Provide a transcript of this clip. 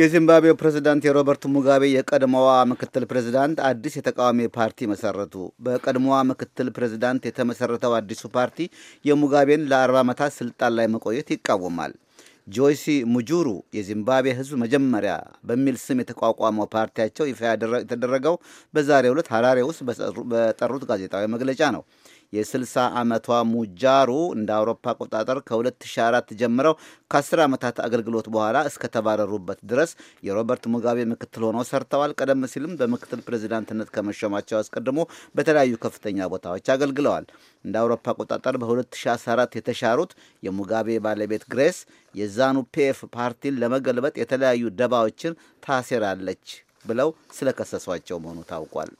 የዚምባብዌው ፕሬዝዳንት የሮበርት ሙጋቤ የቀድሞዋ ምክትል ፕሬዝዳንት አዲስ የተቃዋሚ ፓርቲ መሰረቱ። በቀድሞዋ ምክትል ፕሬዝዳንት የተመሰረተው አዲሱ ፓርቲ የሙጋቤን ለ40 ዓመታት ስልጣን ላይ መቆየት ይቃወማል። ጆይሲ ሙጁሩ የዚምባብዌ ሕዝብ መጀመሪያ በሚል ስም የተቋቋመው ፓርቲያቸው ይፋ የተደረገው በዛሬው ዕለት ሀራሬ ውስጥ በጠሩት ጋዜጣዊ መግለጫ ነው። የ60 ዓመቷ ሙጃሩ እንደ አውሮፓ አቆጣጠር ከ2004 ጀምረው ከ10 ዓመታት አገልግሎት በኋላ እስከተባረሩበት ድረስ የሮበርት ሙጋቤ ምክትል ሆነው ሰርተዋል። ቀደም ሲልም በምክትል ፕሬዚዳንትነት ከመሾማቸው አስቀድሞ በተለያዩ ከፍተኛ ቦታዎች አገልግለዋል። እንደ አውሮፓ አቆጣጠር በ2014 የተሻሩት የሙጋቤ ባለቤት ግሬስ ዛኑ ፒኤፍ ፓርቲን ለመገልበጥ የተለያዩ ደባዎችን ታሴራለች ብለው ስለከሰሷቸው መሆኑ ታውቋል።